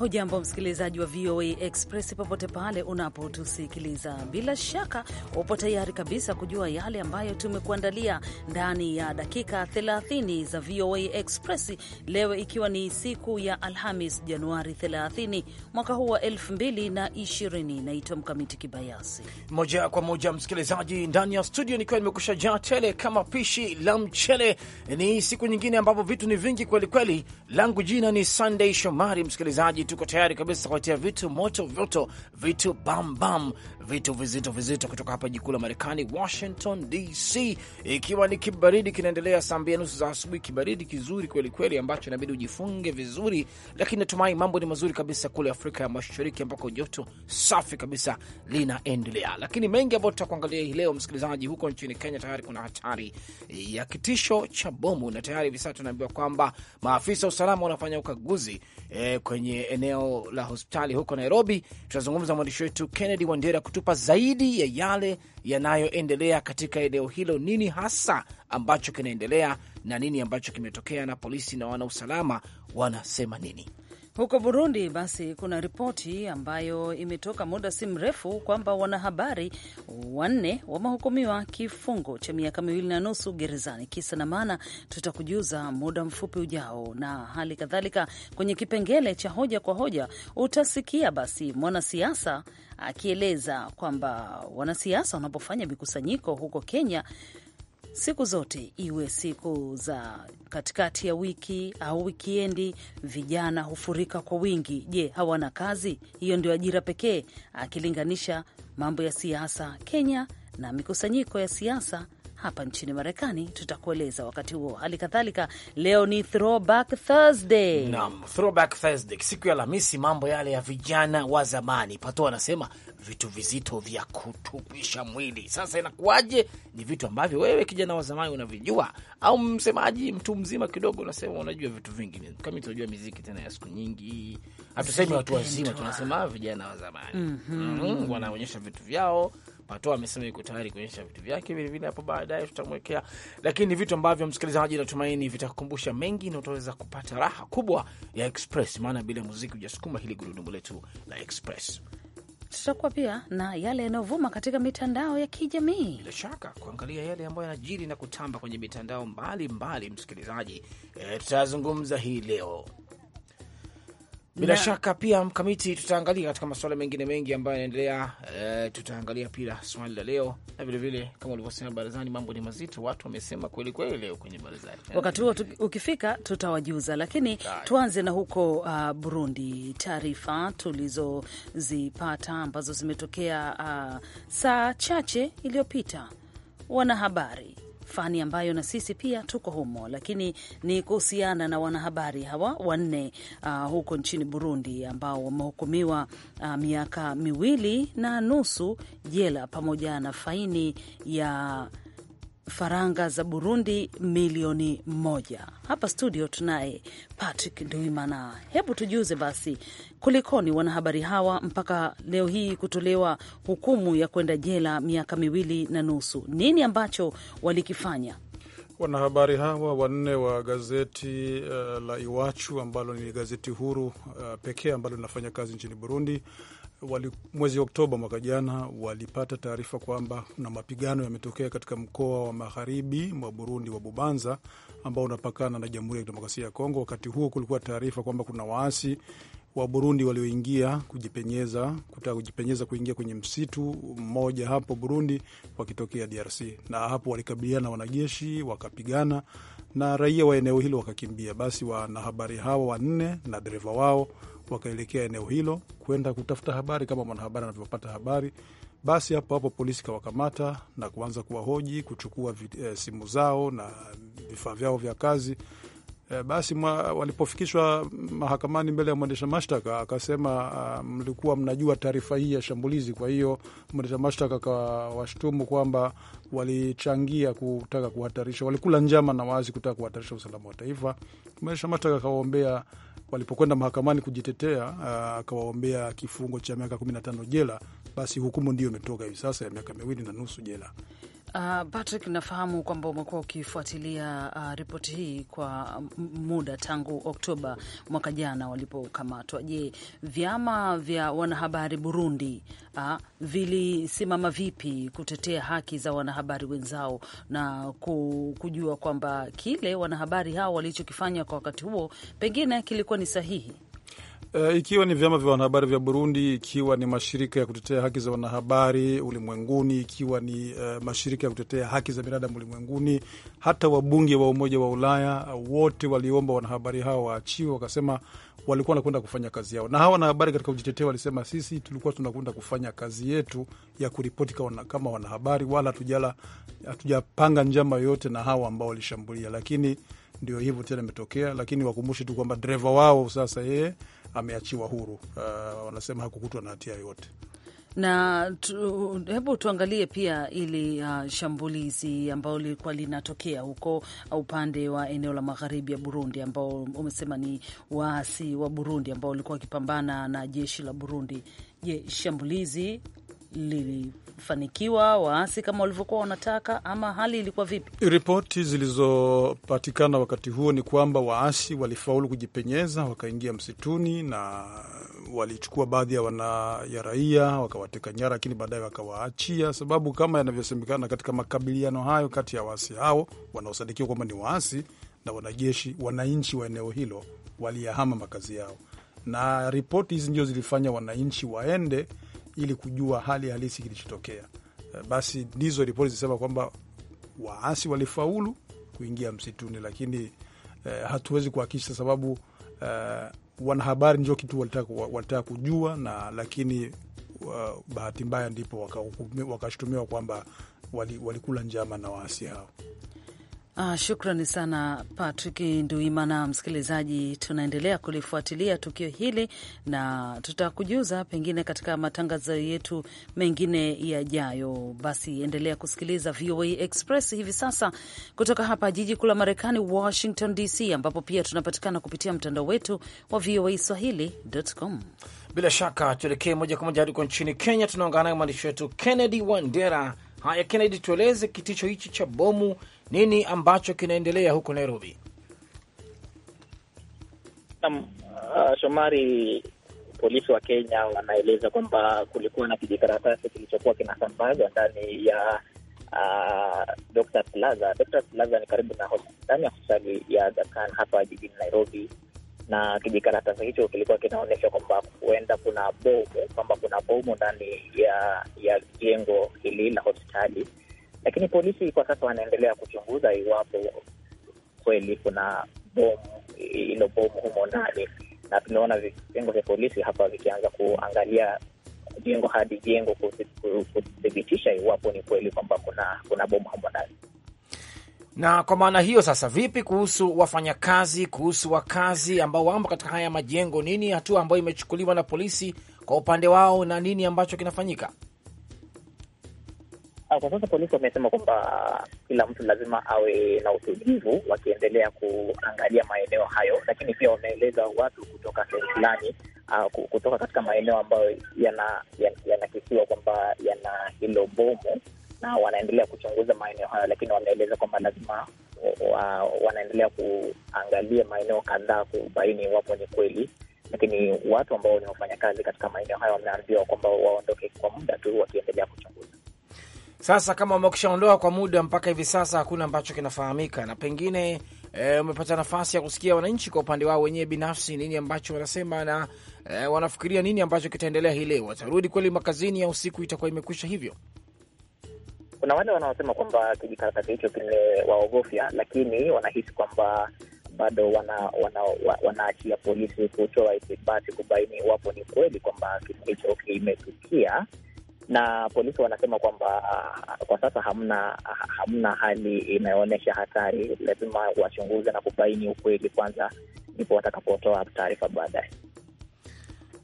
Hujambo msikilizaji wa VOA Express popote pale unapotusikiliza, bila shaka upo tayari kabisa kujua yale ambayo tumekuandalia ndani ya dakika 30 za VOA Express leo, ikiwa ni siku ya Alhamis Januari 30 mwaka huu wa 2020. Naitwa Mkamiti Kibayasi. Moja kwa moja msikilizaji, ndani ya studio nikiwa nimekusha jaa tele kama pishi la mchele. Ni siku nyingine ambapo vitu ni vingi kwelikweli. Langu jina ni Sunday Shomari msikilizaji tuko tayari kabisa kuatia vitu moto, vyoto vitu bambam bam, vitu vizito vizito kutoka hapa jikuu la Marekani, Washington DC, ikiwa ni kibaridi kinaendelea saa mbili nusu za asubuhi, kibaridi kizuri kweli kweli ambacho inabidi ujifunge vizuri, lakini natumai mambo ni mazuri kabisa kule Afrika ya Mashariki ambako joto safi kabisa linaendelea. Lakini mengi ambayo tutakuangalia hii leo, msikilizaji, huko nchini Kenya tayari kuna hatari ya kitisho cha bomu, na tayari hivi sasa tunaambiwa kwamba maafisa wa usalama wanafanya ukaguzi eh, kwenye eneo la hospitali huko Nairobi. Tutazungumza mwandishi wetu Kennedy Wandera kutupa zaidi ya yale yanayoendelea katika eneo hilo, nini hasa ambacho kinaendelea na nini ambacho kimetokea, na polisi na wanausalama wanasema nini? Huko Burundi basi, kuna ripoti ambayo imetoka muda si mrefu kwamba wanahabari wanne wamehukumiwa kifungo cha miaka miwili na nusu gerezani. Kisa na maana tutakujuza muda mfupi ujao, na hali kadhalika kwenye kipengele cha hoja kwa hoja utasikia basi mwanasiasa akieleza kwamba wanasiasa wanapofanya mikusanyiko huko Kenya siku zote iwe siku za katikati ya wiki au wikiendi, vijana hufurika kwa wingi. Je, hawana kazi? Hiyo ndio ajira pekee, akilinganisha mambo ya siasa Kenya na mikusanyiko ya siasa hapa nchini Marekani, tutakueleza wakati huo. Hali kadhalika leo ni throwback Thursday. Naam, throwback Thursday, siku ya Alhamisi, mambo yale ya vijana wa zamani. Pato anasema vitu vizito vya kutupisha mwili. Sasa inakuwaje? Ni vitu ambavyo wewe kijana wa zamani unavijua, au msemaji, mtu mzima kidogo, unasema unajua vitu vingi. Kama tunajua miziki tena ya siku nyingi, hatusemi watu wazima, tunasema vijana wa zamani. Mhm. mm -hmm. mm -hmm. wanaonyesha vitu vyao Pato amesema yuko tayari kuonyesha vitu vyake vilevile, hapo baadaye tutamwekea, lakini vitu ambavyo msikilizaji, natumaini vitakukumbusha mengi na utaweza kupata raha kubwa ya Express, maana bila muziki hujasukuma hili gurudumu letu la Express. Tutakuwa pia na yale yanayovuma katika mitandao ya kijamii, bila shaka kuangalia yale ambayo yanajiri na kutamba kwenye mitandao mbalimbali. Msikilizaji, e, eh, tutayazungumza hii leo bila na shaka pia mkamiti, tutaangalia katika masuala mengine mengi ambayo yanaendelea. E, tutaangalia pia swali la leo na vilevile, kama ulivyosema barazani, mambo ni mazito, watu wamesema kweli kweli leo kwenye barazani. Wakati huo ukifika, tutawajuza, lakini Dai. tuanze na huko uh, Burundi, taarifa tulizozipata ambazo zimetokea uh, saa chache iliyopita wanahabari fani ambayo na sisi pia tuko humo, lakini ni kuhusiana na wanahabari hawa wanne uh, huko nchini Burundi ambao wamehukumiwa uh, miaka miwili na nusu jela pamoja na faini ya faranga za Burundi milioni moja. Hapa studio tunaye Patrick Nduimana, hebu tujuze basi kulikoni wanahabari hawa mpaka leo hii kutolewa hukumu ya kwenda jela miaka miwili na nusu. Nini ambacho walikifanya? Wanahabari hawa wanne wa gazeti uh, la Iwachu ambalo ni gazeti huru uh, pekee ambalo linafanya kazi nchini Burundi wali, mwezi Oktoba mwaka jana walipata taarifa kwamba kuna mapigano yametokea katika mkoa wa magharibi mwa Burundi wa Bubanza ambao unapakana na Jamhuri ya Kidemokrasia ya Kongo. Wakati huo kulikuwa taarifa kwamba kuna waasi wa Burundi walioingia kujipenyeza kutaka kujipenyeza kuingia kwenye msitu mmoja hapo Burundi wakitokea DRC, na hapo walikabiliana na wanajeshi wakapigana, na raia wa eneo hilo wakakimbia. Basi wanahabari hawa wanne na dereva wao wakaelekea eneo hilo kwenda kutafuta habari kama mwanahabari anavyopata habari. Basi hapo hapo polisi kawakamata na kuanza kuwahoji, kuchukua e, simu zao na vifaa vyao vya kazi. E, basi mwa, walipofikishwa mahakamani mbele ya mwendesha mashtaka akasema, uh, mlikuwa mnajua taarifa hii ya shambulizi. Kwa hiyo mwendesha mashtaka akawashtumu kwamba walichangia kutaka kuhatarisha, walikula njama na wazi kutaka kuhatarisha usalama wa taifa. Mwendesha mashtaka akawaombea walipokwenda mahakamani kujitetea, uh, akawaombea kifungo cha miaka 15 jela. Basi hukumu ndiyo imetoka hivi sasa ya miaka miwili na nusu jela. Uh, Patrick, nafahamu kwamba umekuwa ukifuatilia uh, ripoti hii kwa muda tangu Oktoba mwaka jana walipokamatwa. Je, vyama vya wanahabari Burundi uh, vilisimama vipi kutetea haki za wanahabari wenzao na kujua kwamba kile wanahabari hao walichokifanya kwa wakati huo pengine kilikuwa ni sahihi? Uh, ikiwa ni vyama vya wanahabari vya Burundi, ikiwa ni mashirika ya kutetea haki za wanahabari ulimwenguni, ikiwa ni uh, mashirika ya kutetea haki za binadamu ulimwenguni, hata wabunge wa Umoja wa Ulaya wote waliomba wanahabari hao waachiwe, wakasema walikuwa wanakwenda kufanya kazi yao, na hawa wanahabari katika kujitetea walisema, sisi tulikuwa tunakwenda kufanya kazi yetu ya kuripoti kama wanahabari, wala hatujapanga njama yoyote na hawa ambao walishambulia, lakini ndio hivyo tena imetokea. Lakini wakumbushe tu kwamba dereva wao sasa yeye ameachiwa huru. Uh, wanasema hakukutwa na hatia yoyote na tu, hebu tuangalie pia ili uh, shambulizi ambalo lilikuwa linatokea huko ah, upande wa eneo la magharibi ya Burundi, ambao umesema ni waasi wa Burundi ambao walikuwa wakipambana na jeshi la Burundi. Je, shambulizi lili kufanikiwa waasi kama walivyokuwa wanataka, ama hali ilikuwa vipi? Ripoti zilizopatikana wakati huo ni kwamba waasi walifaulu kujipenyeza, wakaingia msituni na walichukua baadhi ya wana ya raia wakawateka nyara, lakini baadaye wakawaachia, sababu kama yanavyosemekana katika makabiliano hayo kati ya waasi hao wanaosadikiwa kwamba ni waasi na wanajeshi, wananchi wa eneo hilo waliyahama makazi yao, na ripoti hizi ndio zilifanya wananchi waende ili kujua hali halisi kilichotokea. Eh, basi ndizo ripoti zilisema kwamba waasi walifaulu kuingia msituni, lakini eh, hatuwezi kuhakikisha sababu eh, wanahabari ndio kitu walitaka, walitaka kujua na lakini uh, bahati mbaya ndipo wakashutumiwa waka kwamba walikula wali njama na waasi hao. Ah, shukrani sana Patrick Nduimana. Msikilizaji, tunaendelea kulifuatilia tukio hili na tutakujuza pengine katika matangazo yetu mengine yajayo. Basi endelea kusikiliza VOA Express hivi sasa kutoka hapa jiji kuu la Marekani, Washington DC, ambapo pia tunapatikana kupitia mtandao wetu wa VOA Swahili.com. Bila shaka tuelekee moja kwa moja hadi huko nchini Kenya, tunaungana na mwandishi wetu Kennedy Wandera. Haya Kennedy, tueleze kiticho hichi cha bomu nini ambacho kinaendelea huko Nairobi? Um, uh, Shomari, polisi wa Kenya wanaeleza kwamba kulikuwa na kijikaratasi kilichokuwa kinasambazwa ndani ya uh, Dr. Plaza. Dr. Plaza ni karibu na ndani ya hospitali ya Aga Khan hapa jijini Nairobi, na kijikaratasi hicho kilikuwa kinaonyesha kwamba huenda kuna bomu, kwamba kuna bomu ndani ya ya jengo hili la hospitali lakini polisi kwa sasa wanaendelea kuchunguza iwapo kweli kuna bomu, ilo bomu humo ndani, na tumeona vitengo vya polisi hapa vikianza kuangalia jengo hadi jengo kuthibitisha iwapo ni kweli kwamba kuna, kuna bomu humo ndani. Na kwa maana hiyo sasa, vipi kuhusu wafanyakazi, kuhusu wakazi ambao wamo katika haya majengo? Nini hatua ambayo imechukuliwa na polisi kwa upande wao na nini ambacho kinafanyika? Ah, kwa sasa polisi wamesema kwamba kila mtu lazima awe na utulivu wakiendelea kuangalia maeneo hayo, lakini pia wameeleza watu kutoka sehemu fulani, uh, kutoka katika maeneo ambayo yanakisiwa yana kwamba yana hilo bomu, na wanaendelea kuchunguza maeneo hayo, lakini wameeleza kwamba lazima wa, wanaendelea kuangalia maeneo kadhaa kubaini iwapo ni kweli lakini watu ambao ni wafanyakazi katika maeneo hayo wameambiwa kwamba waondoke kwa muda tu wakiendelea kuchunguza. Sasa kama wamekushaondoa kwa muda, mpaka hivi sasa hakuna ambacho kinafahamika, na pengine e, umepata nafasi ya kusikia wananchi kwa upande wao wenyewe binafsi nini ambacho wanasema na e, wanafikiria nini ambacho kitaendelea hii leo. Watarudi kweli makazini au siku itakuwa imekwisha? Hivyo kuna wale wanaosema kwamba kijikaratasi hicho kimewaogofya, lakini wanahisi kwamba bado wanaachia wana, wana polisi kutoa ithibati kubaini iwapo ni kweli kwamba kitu hicho kimetukia na polisi wanasema kwamba ah, kwa sasa hamna hamna hali inayoonyesha hatari. Lazima wachunguze na kubaini ukweli kwanza, ndipo watakapotoa taarifa baadaye.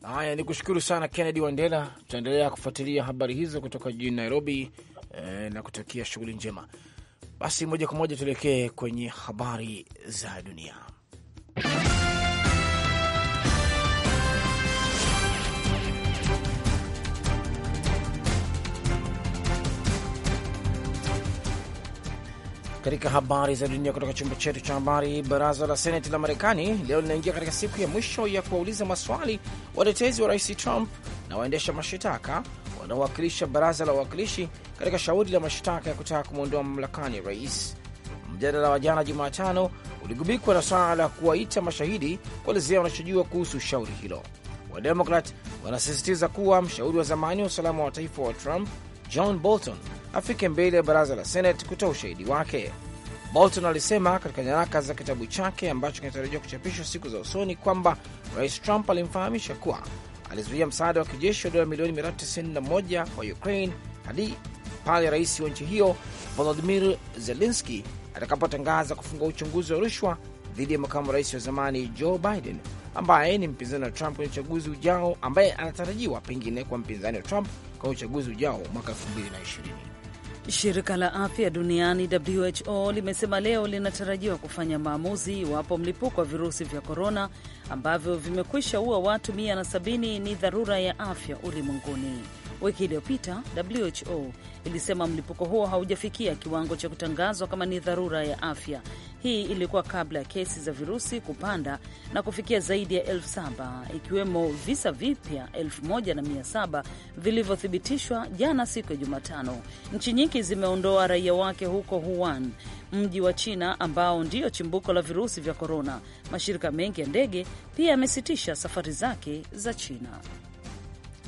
Haya, ni kushukuru sana Kennedy Wandera. Tutaendelea kufuatilia habari hizo kutoka jijini Nairobi eh, na kutakia shughuli njema. Basi moja kwa moja tuelekee kwenye habari za dunia. Katika habari za dunia kutoka chumba chetu cha habari, baraza la seneti la Marekani leo linaingia katika siku ya mwisho ya kuwauliza maswali watetezi wa rais Trump na waendesha mashitaka wanaowakilisha baraza la wawakilishi katika shauri la mashtaka ya kutaka kumwondoa mamlakani rais. Mjadala wa jana Jumatano uligubikwa na swala la kuwaita mashahidi kuelezea wanachojua kuhusu shauri hilo. Wademokrat wanasisitiza kuwa mshauri wa zamani wa usalama wa taifa wa Trump John Bolton afike mbele ya baraza la Senate kutoa ushahidi wake. Bolton alisema katika nyaraka za kitabu chake ambacho kinatarajiwa kuchapishwa siku za usoni kwamba Rais Trump alimfahamisha kuwa alizuia msaada wa kijeshi wa dola milioni 391 kwa Ukraine hadi pale rais wa nchi hiyo Volodimir Zelenski atakapotangaza kufungua uchunguzi wa rushwa dhidi ya makamu rais wa zamani Joe Biden ambaye ni mpinzani wa Trump kwenye uchaguzi ujao, ambaye anatarajiwa pengine kwa mpinzani wa Trump kwa uchaguzi ujao mwaka 2020. Shirika la afya duniani WHO limesema leo linatarajiwa kufanya maamuzi iwapo mlipuko wa virusi vya korona ambavyo vimekwisha ua watu 170 ni dharura ya afya ulimwenguni. Wiki iliyopita WHO ilisema mlipuko huo haujafikia kiwango cha kutangazwa kama ni dharura ya afya. Hii ilikuwa kabla ya kesi za virusi kupanda na kufikia zaidi ya elfu saba ikiwemo visa vipya elfu moja na mia saba vilivyothibitishwa jana siku ya Jumatano. Nchi nyingi zimeondoa raia wake huko Wuhan, mji wa China ambao ndiyo chimbuko la virusi vya korona. Mashirika mengi ya ndege pia yamesitisha safari zake za China.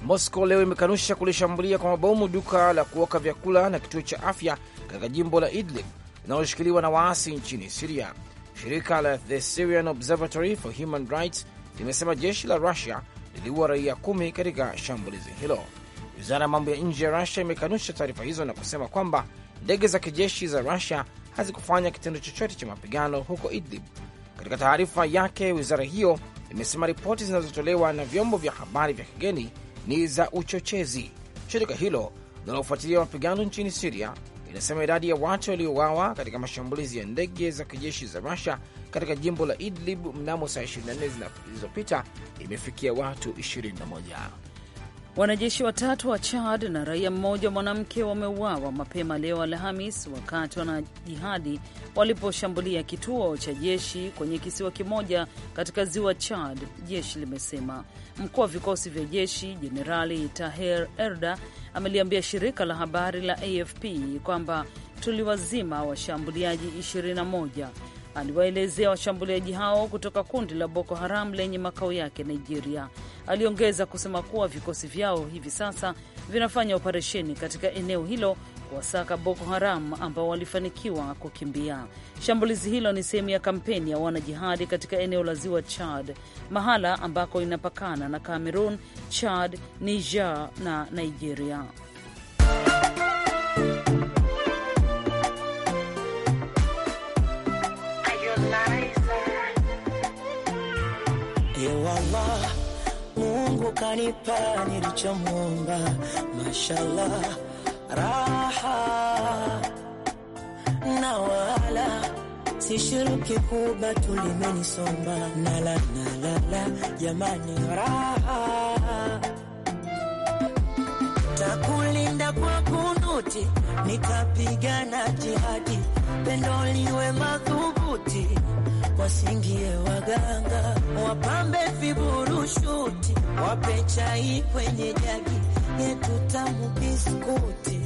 Moscow leo imekanusha kulishambulia kwa mabomu duka la kuoka vyakula na kituo cha afya katika jimbo la Idlib linaloshikiliwa na waasi nchini Siria. Shirika la The Syrian Observatory for Human Rights limesema jeshi la Rusia liliua raia kumi katika shambulizi hilo. Wizara ya mambo ya nje ya Rusia imekanusha taarifa hizo na kusema kwamba ndege za kijeshi za Rusia hazikufanya kitendo chochote cha mapigano huko Idlib. Katika taarifa yake, wizara hiyo imesema ripoti zinazotolewa na vyombo vya habari vya kigeni ni za uchochezi. Shirika hilo linalofuatilia mapigano nchini Siria inasema idadi ya watu waliouawa katika mashambulizi ya ndege za kijeshi za Rusia katika jimbo la Idlib mnamo saa 24 zilizopita imefikia watu 21. Wanajeshi watatu wa Chad na raia mmoja mwanamke wameuawa mapema leo Alhamis wakati wanajihadi waliposhambulia kituo cha jeshi kwenye kisiwa kimoja katika ziwa Chad, jeshi limesema. Mkuu wa vikosi vya jeshi Jenerali Taher Erda ameliambia shirika la habari la AFP kwamba tuliwazima washambuliaji 21 aliwaelezea washambuliaji hao kutoka kundi la Boko Haram lenye makao yake Nigeria. Aliongeza kusema kuwa vikosi vyao hivi sasa vinafanya operesheni katika eneo hilo kuwasaka Boko Haram ambao walifanikiwa kukimbia. Shambulizi hilo ni sehemu ya kampeni ya wanajihadi katika eneo la ziwa Chad, mahala ambako inapakana na Cameroon, Chad, Niger na Nigeria. ukanipa nilichomwomba, mashallah raha na wala sishuruki kuba tulimenisomba nala la jamani, raha takulinda kwa kunuti, nikapigana jihadi, pendo liwe madhubuti wasingie waganga, wapambe viburushuti, wape chai kwenye jagi yetu tamu, biskuti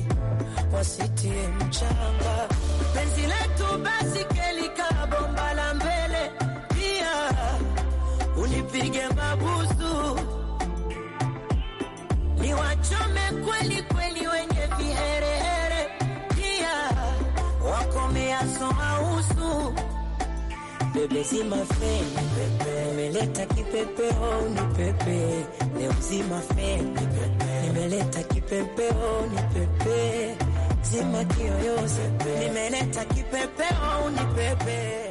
wasitie mchanga, penzi letu basi kelika bomba la mbele, pia unipige mabusu wachome kweli kweli, wenye viherehere pia wakomea somausu Bebe zima feni pepe, nimeleta kipepeo oh, ni pepe, leo zima feni pepe, nimeleta kipepeo oh, ni pepe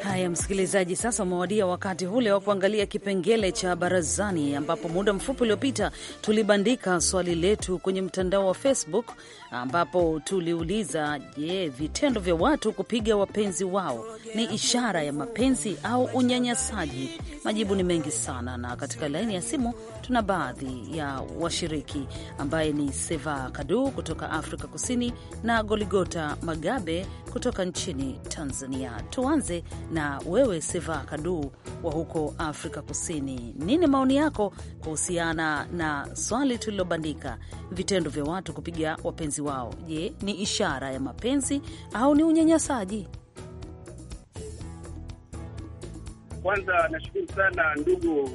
Haya msikilizaji, sasa umewadia wakati ule wa kuangalia kipengele cha barazani, ambapo muda mfupi uliopita tulibandika swali letu kwenye mtandao wa Facebook, ambapo tuliuliza je, vitendo vya watu kupiga wapenzi wao ni ishara ya mapenzi au unyanyasaji? Majibu ni mengi sana, na katika laini ya simu tuna baadhi ya washiriki, ambaye ni Seva Kadu kutoka Afrika Kusini na Goligota Magabe kutoka nchini Tanzania. Tuanze na wewe Seva Kadu wa huko Afrika Kusini. Nini maoni yako kuhusiana na swali tulilobandika, vitendo vya watu kupiga wapenzi wao? Je, ni ishara ya mapenzi au ni unyanyasaji? Kwanza nashukuru sana ndugu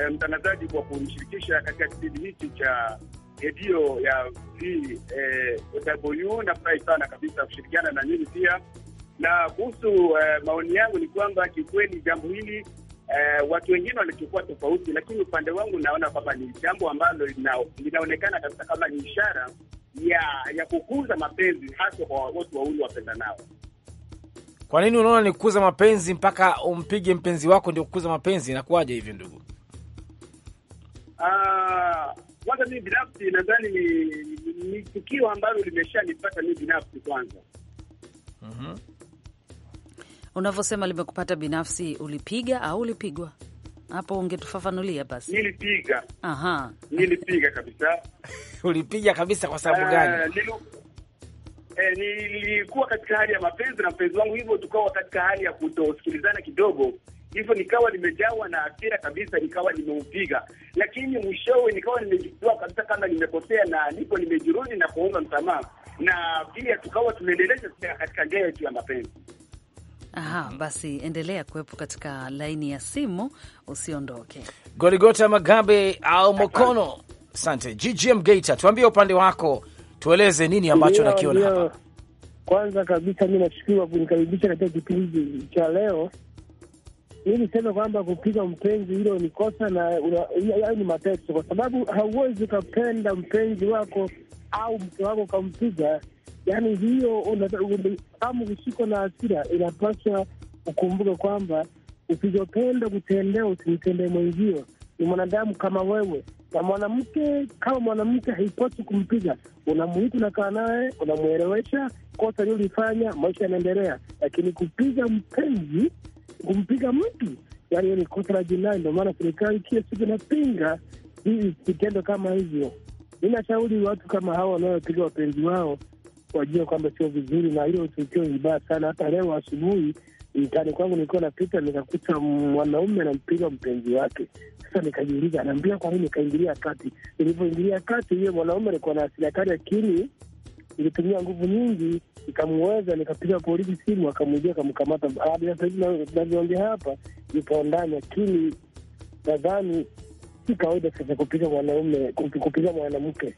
eh, mtangazaji kwa kunishirikisha katika kipindi hiki cha redio ya VW. Eh, Nafurahi sana kabisa kushirikiana na nyinyi pia. Na kuhusu eh, maoni yangu ni kwamba kiukweli jambo hili eh, watu wengine walichukua tofauti, lakini upande wangu naona kwamba ni jambo ambalo linaonekana kabisa kama ni ishara ya ya kukuza mapenzi haswa kwa watu wawili wapenda nao. Kwa nini unaona ni kukuza mapenzi mpaka umpige mpenzi wako ndio kukuza mapenzi? Inakuwaje hivyo ndugu? Ah, kwanza mimi binafsi nadhani ni, ni tukio ambalo limeshanipata mimi binafsi kwanza. mm-hmm. Unavyosema limekupata binafsi, ulipiga au ulipigwa? Hapo ungetufafanulia basi. Nilipiga. Aha, nilipiga kabisa. Ulipiga kabisa kwa sababu gani? Eh, eh, nilikuwa katika hali ya mapenzi na mpenzi wangu, hivyo tukawa katika hali ya kutosikilizana kidogo, hivyo nikawa nimejawa na hasira kabisa, nikawa nimeupiga, lakini mwishowe nikawa nimejitoa kabisa kama nimekosea, na ndipo nimejirudi na kuomba msamaha, na pia tukawa tunaendeleza katika njia yetu ya mapenzi. Aha, basi endelea kuwepo katika laini ya simu, usiondoke. Gorigota Magabe au Mokono, asante. GGM Gate, tuambie upande wako, tueleze nini ambacho nakiona hapa. Kwanza kabisa mi nashukuru kunikaribisha katika kipindi cha leo ili niseme kwamba kupiga mpenzi hilo ni kosa na hayo ni mateso, kwa sababu hauwezi ukapenda mpenzi wako au mke wako ukampiga. Yani hiyo kama ukishikwa na hasira, inapaswa ukumbuke kwamba usizopenda kutendea usimtendee mwenzio. Ni mwanadamu kama wewe na mwanamke kama mwanamke, haipaswi kumpiga. Unamuita, unakaa naye, unamwelewesha kosa liolifanya, maisha yanaendelea. Lakini kupiga mpenzi kumpiga mtu, yani ni kosa la jinai. Ndio maana serikali kila siku inapinga hii vitendo kama hivyo. Ninashauri watu kama hawa wanaopiga wapenzi wao wajua kwamba sio vizuri, na hilo tukio vibaya sana. Hata leo asubuhi mtaani kwangu nilikuwa napita nikakuta mwanaume anampiga mpenzi wake. Sasa nikajiuliza, anaambia kwa nini? Nikaingilia kati. Nilivyoingilia kati, hiyo mwanaume alikuwa na hasira kali, lakini nilitumia nguvu nyingi nikamuweza nikapiga polisi simu, akamjia akamkamata. Hadi sasa hivi navyoongea hapa yupo ndani, lakini nadhani si kawaida sasa kupiga mwanaume, kupiga mwanamke.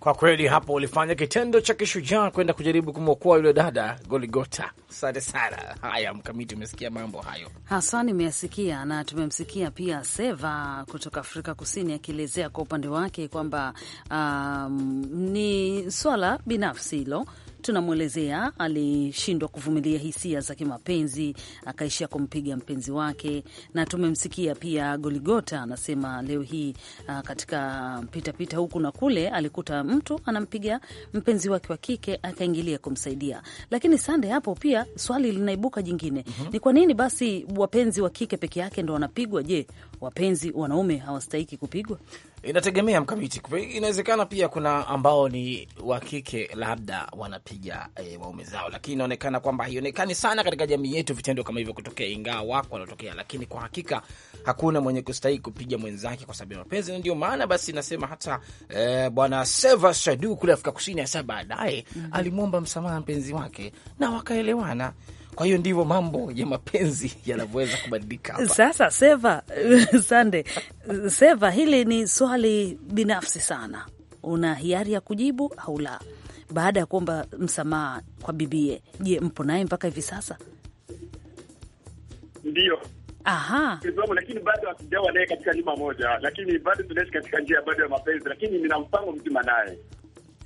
Kwa kweli hapo ulifanya kitendo cha kishujaa kwenda kujaribu kumwokoa yule dada Goligota. Asante sana. Haya, Mkamiti, umesikia mambo hayo haswa, nimeyasikia na tumemsikia pia Seva kutoka Afrika Kusini akielezea kwa upande wake kwamba um, ni swala binafsi hilo tunamwelezea alishindwa kuvumilia hisia za kimapenzi akaishia kumpiga mpenzi wake, na tumemsikia pia Goligota anasema leo hii ah, katika pitapita huku na kule alikuta mtu anampiga mpenzi wake wa kike, akaingilia kumsaidia. Lakini Sande, hapo pia swali linaibuka jingine, mm -hmm. ni kwa nini basi wapenzi wa kike peke yake ndo wanapigwa? Je, wapenzi wanaume hawastahiki kupigwa? Inategemea mkamiti, inawezekana pia kuna ambao ni wa kike labda wanapiga e, waume zao, lakini inaonekana kwamba haionekani sana katika jamii yetu vitendo kama hivyo kutokea, ingawa wako wanatokea, lakini kwa hakika hakuna mwenye kustahili kupiga mwenzake kwa sababu ya mapenzi. Na ndio maana basi nasema hata e, bwana Seva Shadu kule Afrika Kusini asa baadaye mm -hmm. alimwomba msamaha mpenzi wake na wakaelewana. Kwa hiyo ndivyo mambo ya mapenzi yanavyoweza kubadilika hapa. Sasa Seva Sande, Seva, hili ni swali binafsi sana, una hiari ya kujibu au la? Baada ya kuomba msamaha kwa bibie, je, mpo naye mpaka hivi sasa? ndio Aha. lakini bado hatujawa naye katika nyumba moja, lakini bado tunaishi katika njia bado ya mapenzi, lakini nina mpango mzima naye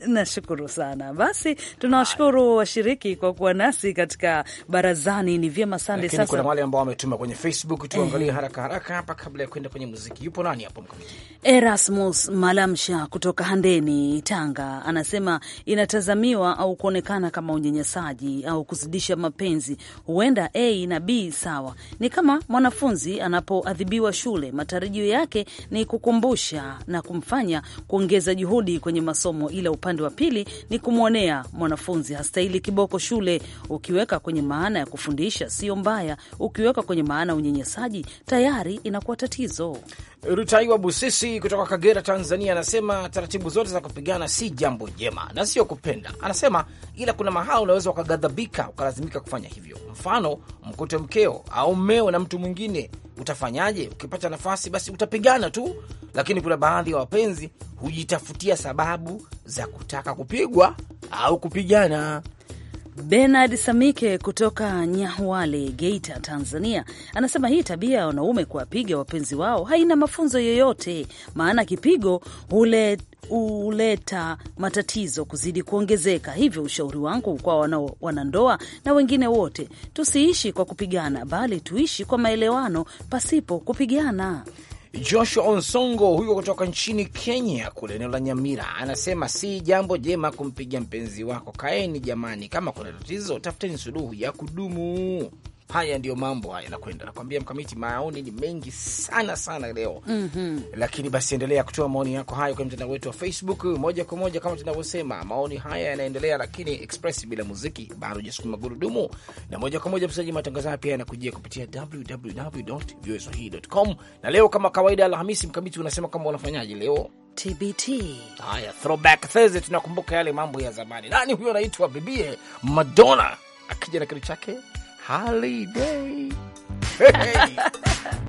Nashukuru sana. Basi tunawashukuru washiriki kwa kuwa nasi katika barazani. Ni vyema sande. sasa. Kuna wale ambao wametuma kwenye Facebook, tuangalie eh, haraka haraka hapa kabla ya kwenda kwenye muziki. Yupo nani hapo mkamiti? Erasmus Malamsha kutoka Handeni, Tanga, anasema inatazamiwa au kuonekana kama unyanyasaji au kuzidisha mapenzi. Huenda A na B sawa, ni kama mwanafunzi anapoadhibiwa shule, matarajio yake ni kukumbusha na kumfanya kuongeza juhudi kwenye masomo, ila upande upande wa pili ni kumwonea mwanafunzi hastahili kiboko shule. Ukiweka kwenye maana ya kufundisha sio mbaya, ukiweka kwenye maana unyenyesaji tayari inakuwa tatizo. Rutaiwa Busisi kutoka Kagera, Tanzania, anasema taratibu zote za kupigana si jambo jema na sio kupenda. Anasema ila kuna mahala unaweza ukaghadhabika, ukalazimika kufanya hivyo, mfano mkute mkeo au mmeo na mtu mwingine Utafanyaje? Ukipata nafasi, basi utapigana tu, lakini kuna baadhi ya wapenzi hujitafutia sababu za kutaka kupigwa au kupigana. Bernard Samike kutoka Nyahwale, Geita, Tanzania, anasema hii tabia ya wanaume kuwapiga wapenzi wao haina mafunzo yoyote, maana kipigo huleta matatizo kuzidi kuongezeka. Hivyo ushauri wangu kwa wana, wanandoa na wengine wote, tusiishi kwa kupigana, bali tuishi kwa maelewano pasipo kupigana. Joshua Onsongo huyo kutoka nchini Kenya, kule eneo la Nyamira, anasema si jambo jema kumpiga mpenzi wako. Kaeni jamani, kama kuna tatizo tafuteni suluhu ya kudumu. Haya ndio mambo haya nakwenda, nakwambia Mkamiti, maoni ni mengi sana sana leo mm -hmm. Lakini basi endelea kutoa maoni yako hayo kwenye mtandao wetu wa Facebook moja kwa moja, kama tunavyosema, maoni haya yanaendelea, lakini express bila muziki bado hujasukuma gurudumu, na moja kwa moja msikilizaji, matangazo haya pia yanakujia kupitia www.voaswahili.com. Na leo kama kawaida Alhamisi, Mkamiti unasema kama unafanyaje leo? TBT. Haya, throwback Thursday, tunakumbuka yale mambo ya zamani. Nani huyo anaitwa bibie Madonna akija na kitu chake holiday. Hey.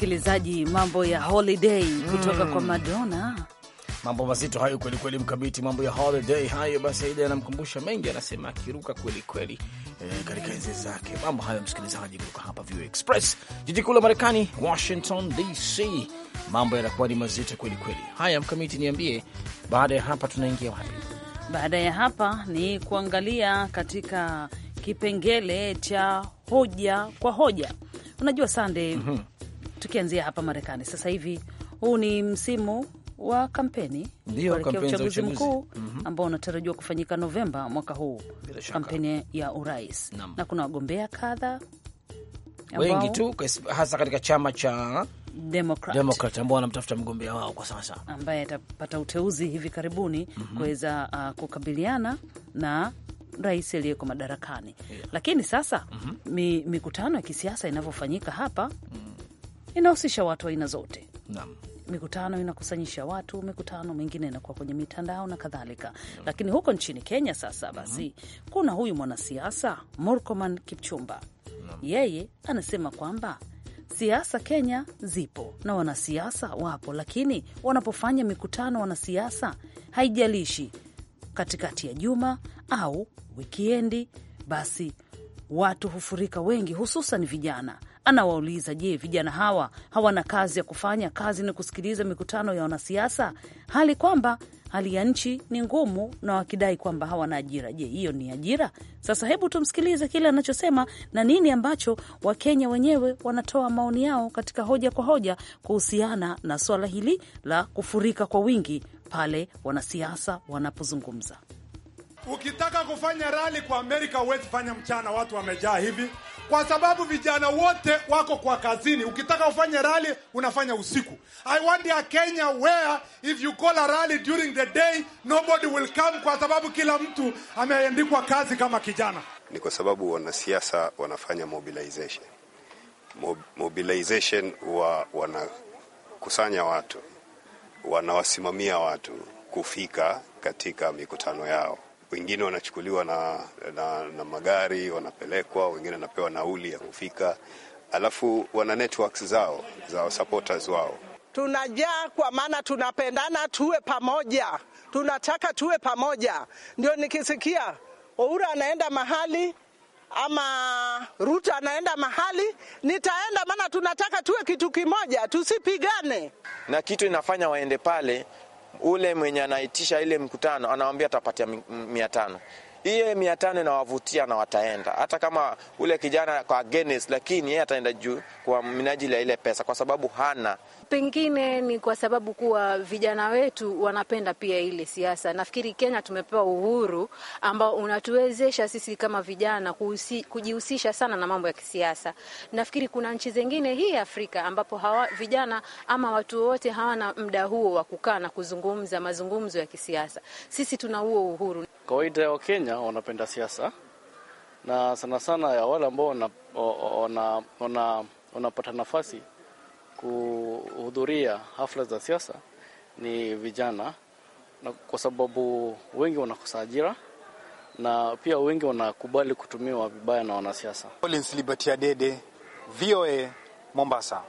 msikilizaji, mambo ya holiday kutoka mm, kwa Madonna. Mambo mazito hayo kwelikweli, mkabiti, mambo ya holiday hayo. Basi Aida anamkumbusha mengi, anasema akiruka kwelikweli e, eh, katika enzi zake. Mambo hayo msikilizaji, kutoka hapa VOA Express, jiji kuu la Marekani, Washington DC. Mambo yanakuwa ni mazito kwelikweli. Haya Mkamiti, niambie, baada ya hapa tunaingia wapi? Baada ya hapa ni kuangalia katika kipengele cha hoja kwa hoja. Unajua Sande, mm -hmm tukianzia hapa Marekani sasa hivi, huu ni msimu wa kampeni kuelekea uchaguzi mkuu mhm. ambao unatarajiwa kufanyika Novemba mwaka huu, kampeni ya urais Nam. na kuna wagombea kadha wengi tu hasa katika chama cha Democrat, Democrat ambao wanamtafuta mgombea wao kwa sasa ambaye atapata uteuzi hivi karibuni mm -hmm. kuweza uh, kukabiliana na rais aliyeko madarakani yeah. Lakini sasa mm -hmm. mi, mikutano ya kisiasa inavyofanyika hapa mm -hmm inahusisha watu aina zote. Naam. Mikutano inakusanyisha watu, mikutano mingine inakuwa kwenye mitandao na kadhalika. Lakini huko nchini Kenya sasa mhm. basi, mm -hmm. kuna huyu mwanasiasa Murkomen Kipchumba mm -hmm. yeye anasema kwamba siasa Kenya zipo na wanasiasa wapo, lakini wanapofanya mikutano wanasiasa, haijalishi katikati ya juma au wikiendi, basi watu hufurika wengi, hususan vijana Anawauliza, je, vijana hawa hawana kazi ya kufanya? Kazi ni kusikiliza mikutano ya wanasiasa, hali kwamba hali ya nchi ni ngumu, na wakidai kwamba hawana ajira. Je, hiyo ni ajira? Sasa hebu tumsikilize kile anachosema na nini ambacho Wakenya wenyewe wanatoa maoni yao katika hoja kwa hoja kuhusiana na swala hili la kufurika kwa wingi pale wanasiasa wanapozungumza. Ukitaka kufanya rali kwa Amerika huwezi fanya mchana, watu wamejaa hivi, kwa sababu vijana wote wako kwa kazini. Ukitaka kufanya rali unafanya usiku. I want a Kenya where if you call a rally during the day nobody will come, kwa sababu kila mtu ameandikwa kazi kama kijana. Ni kwa sababu wanasiasa wanafanya mobilization, Mob mobilization wa wanakusanya watu, wanawasimamia watu kufika katika mikutano yao wengine wanachukuliwa na, na, na magari wanapelekwa, wengine wanapewa nauli ya kufika, alafu wana networks zao za supporters wao. Tunajaa kwa maana tunapendana, tuwe pamoja, tunataka tuwe pamoja. Ndio nikisikia Oura anaenda mahali ama Ruto anaenda mahali, nitaenda, maana tunataka tuwe kitu kimoja, tusipigane. Na kitu inafanya waende pale ule mwenye anaitisha ile mkutano anawambia atapatia mia tano hiyo mia tano inawavutia na wataenda, hata kama ule kijana kwa genes, lakini yeye ataenda juu kwa minajili ya ile pesa, kwa sababu hana pengine ni kwa sababu kuwa vijana wetu wanapenda pia ile siasa. Nafikiri Kenya tumepewa uhuru ambao unatuwezesha sisi kama vijana kuhusi, kujihusisha sana na mambo ya kisiasa. Nafikiri kuna nchi zingine hii Afrika ambapo hawa, vijana ama watu wote hawana muda huo wa kukaa na kuzungumza mazungumzo ya kisiasa. Sisi tuna huo uhuru. Kawaida wa Kenya wanapenda siasa na sana sana ya wale ambao wanapata nafasi kuhudhuria hafla za siasa ni vijana, na kwa sababu wengi wanakosa ajira na pia wengi wanakubali kutumiwa vibaya na wanasiasa. Collins Liberty Adede, VOA Mombasa.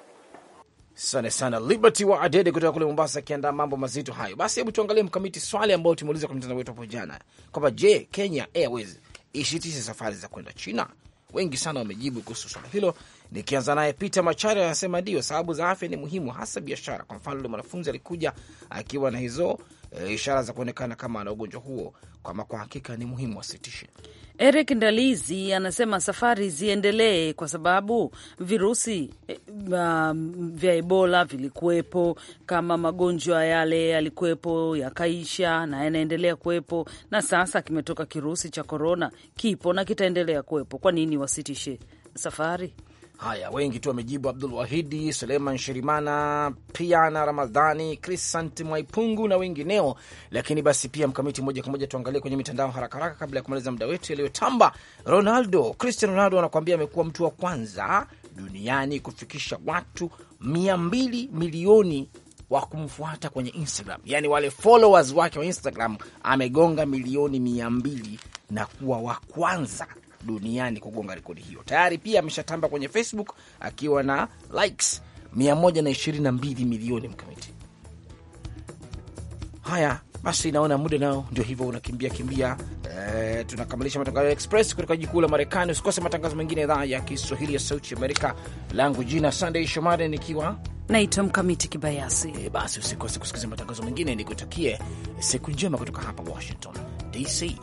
Asante sana Liberty wa Adede kutoka kule Mombasa, akiandaa mambo mazito hayo. Basi hebu tuangalie mkamiti swali ambayo tumeuliza kwa mtandao wetu hapo jana kwamba je, Kenya Airways ishitishe safari za kwenda China Wengi sana wamejibu kuhusu swala hilo. Nikianza naye Peter Machare anasema ndio, sababu za afya ni muhimu, hasa biashara. Kwa mfano, yule mwanafunzi alikuja akiwa na hizo Eh, ishara za kuonekana kama ana ugonjwa huo, Kwama kwa hakika ni muhimu wasitishe. Eric Ndalizi anasema safari ziendelee kwa sababu virusi eh, um, vya Ebola vilikuwepo, kama magonjwa yale yalikuwepo yakaisha na yanaendelea kuwepo, na sasa kimetoka kirusi cha korona, kipo na kitaendelea kuwepo. Kwa nini wasitishe safari? Haya, wengi tu wamejibu: Abdul Wahidi, Suleiman shirimana Piana Ramadhani, Crisant Mwaipungu na wengineo. Lakini basi pia mkamiti, moja kwa moja tuangalie kwenye mitandao haraka haraka kabla ya kumaliza muda wetu. Yaliyotamba, Ronaldo, Cristiano Ronaldo anakuambia amekuwa mtu wa kwanza duniani kufikisha watu mia mbili milioni wa kumfuata kwenye Instagram, yani wale followers wake wa Instagram amegonga milioni mia mbili na kuwa wa kwanza duniani kugonga rekodi hiyo. Tayari pia ameshatamba kwenye Facebook akiwa na likes 122 milioni mkamiti. Haya basi, naona muda nao ndio hivyo unakimbia kimbia. E, tunakamilisha matangazo ya Express kutoka jiji kuu la Marekani. Usikose matangazo mengine ya idhaa ya Kiswahili ya Sauti Amerika. Langu jina Sunday Shomari, nikiwa naitwa Mkamiti Kibayasi. E, basi usikose kusikiliza matangazo mengine, nikutakie siku njema kutoka hapa Washington DC.